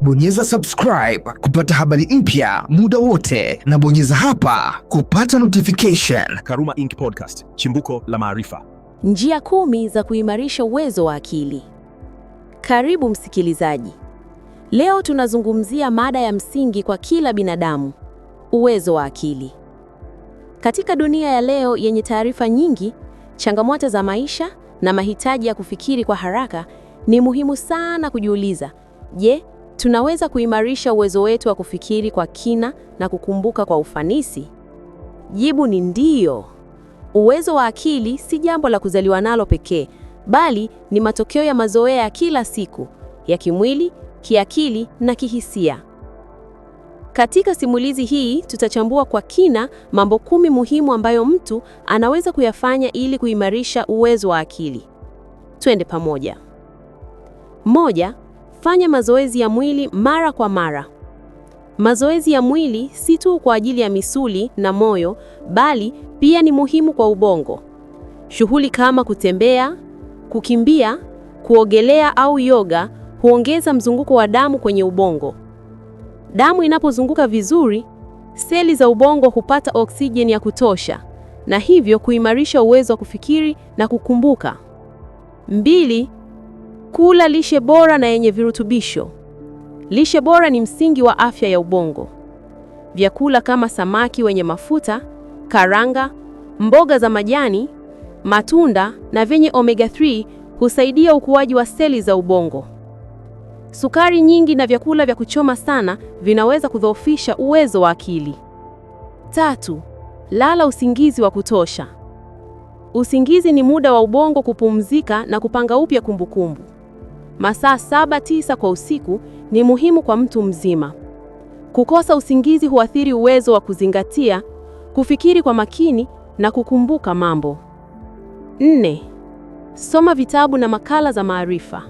bonyeza subscribe kupata habari mpya muda wote, na bonyeza hapa kupata notification. Karuma Ink Podcast, chimbuko la maarifa. Njia kumi za kuimarisha uwezo wa akili. Karibu msikilizaji, leo tunazungumzia mada ya msingi kwa kila binadamu, uwezo wa akili. Katika dunia ya leo yenye taarifa nyingi, changamoto za maisha na mahitaji ya kufikiri kwa haraka, ni muhimu sana kujiuliza, je, tunaweza kuimarisha uwezo wetu wa kufikiri kwa kina na kukumbuka kwa ufanisi? Jibu ni ndiyo. Uwezo wa akili si jambo la kuzaliwa nalo pekee, bali ni matokeo ya mazoea ya kila siku, ya kimwili, kiakili na kihisia. Katika simulizi hii tutachambua kwa kina mambo kumi muhimu ambayo mtu anaweza kuyafanya ili kuimarisha uwezo wa akili. Twende pamoja. Moja, Fanya mazoezi ya mwili mara kwa mara. Mazoezi ya mwili si tu kwa ajili ya misuli na moyo, bali pia ni muhimu kwa ubongo. Shughuli kama kutembea, kukimbia, kuogelea au yoga huongeza mzunguko wa damu kwenye ubongo. Damu inapozunguka vizuri, seli za ubongo hupata oksijeni ya kutosha na hivyo kuimarisha uwezo wa kufikiri na kukumbuka. Mbili, Kula lishe bora na yenye virutubisho. Lishe bora ni msingi wa afya ya ubongo. Vyakula kama samaki wenye mafuta, karanga, mboga za majani, matunda na vyenye omega 3 husaidia ukuaji wa seli za ubongo. Sukari nyingi na vyakula vya kuchoma sana vinaweza kudhoofisha uwezo wa akili. Tatu, lala usingizi wa kutosha. Usingizi ni muda wa ubongo kupumzika na kupanga upya kumbukumbu masaa saba tisa kwa usiku ni muhimu kwa mtu mzima. Kukosa usingizi huathiri uwezo wa kuzingatia, kufikiri kwa makini na kukumbuka mambo. Nne, soma vitabu na makala za maarifa.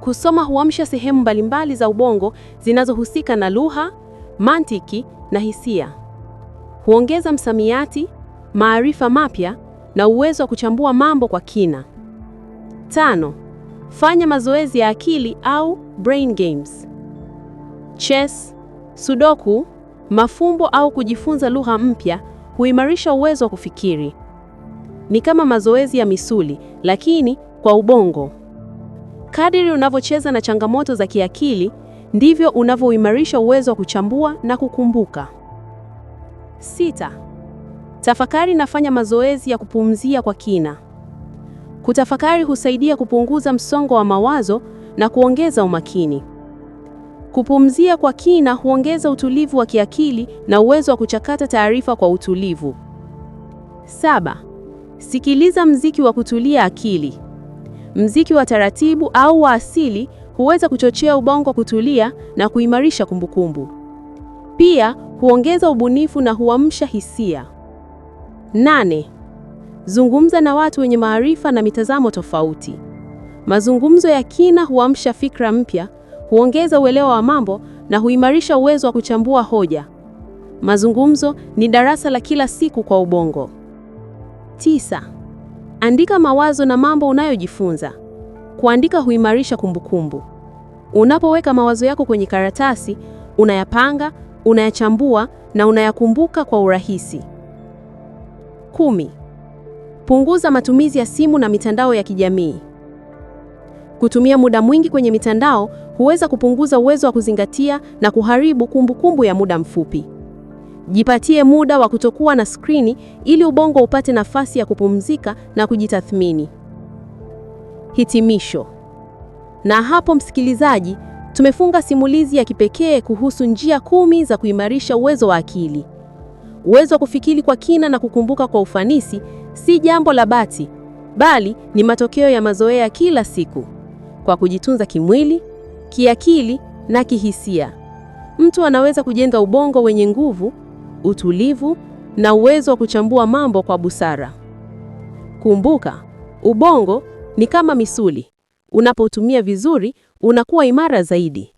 Kusoma huamsha sehemu mbalimbali za ubongo zinazohusika na lugha, mantiki na hisia. Huongeza msamiati, maarifa mapya na uwezo wa kuchambua mambo kwa kina. Tano, Fanya mazoezi ya akili au brain games, chess, sudoku, mafumbo au kujifunza lugha mpya huimarisha uwezo wa kufikiri. Ni kama mazoezi ya misuli lakini kwa ubongo. Kadiri unavyocheza na changamoto za kiakili, ndivyo unavyoimarisha uwezo wa kuchambua na kukumbuka. Sita, tafakari nafanya mazoezi ya kupumzia kwa kina. Kutafakari husaidia kupunguza msongo wa mawazo na kuongeza umakini. Kupumzia kwa kina huongeza utulivu wa kiakili na uwezo wa kuchakata taarifa kwa utulivu. Saba, sikiliza mziki wa kutulia akili. Mziki wa taratibu au wa asili huweza kuchochea ubongo kutulia na kuimarisha kumbukumbu. Pia huongeza ubunifu na huamsha hisia. Nane, Zungumza na watu wenye maarifa na mitazamo tofauti. Mazungumzo ya kina huamsha fikra mpya, huongeza uelewa wa mambo na huimarisha uwezo wa kuchambua hoja. Mazungumzo ni darasa la kila siku kwa ubongo. Tisa, andika mawazo na mambo unayojifunza. Kuandika huimarisha kumbukumbu. Unapoweka mawazo yako kwenye karatasi, unayapanga, unayachambua na unayakumbuka kwa urahisi. Kumi, Punguza matumizi ya simu na mitandao ya kijamii. Kutumia muda mwingi kwenye mitandao huweza kupunguza uwezo wa kuzingatia na kuharibu kumbukumbu kumbu ya muda mfupi. Jipatie muda wa kutokuwa na skrini ili ubongo upate nafasi ya kupumzika na kujitathmini. Hitimisho. Na hapo msikilizaji, tumefunga simulizi ya kipekee kuhusu njia kumi za kuimarisha uwezo wa akili. Uwezo wa kufikiri kwa kina na kukumbuka kwa ufanisi si jambo la bahati, bali ni matokeo ya mazoea kila siku. Kwa kujitunza kimwili, kiakili na kihisia, mtu anaweza kujenga ubongo wenye nguvu, utulivu na uwezo wa kuchambua mambo kwa busara. Kumbuka, ubongo ni kama misuli. Unapotumia vizuri, unakuwa imara zaidi.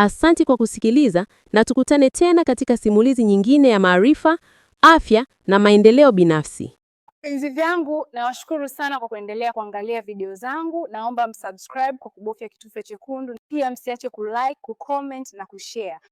Asanti kwa kusikiliza na tukutane tena katika simulizi nyingine ya maarifa, afya na maendeleo binafsi. Penzi vyangu, nawashukuru sana kwa kuendelea kuangalia video zangu. Naomba msubscribe kwa kubofya kitufe chekundu, pia msiache kulike, kucomment na kushare.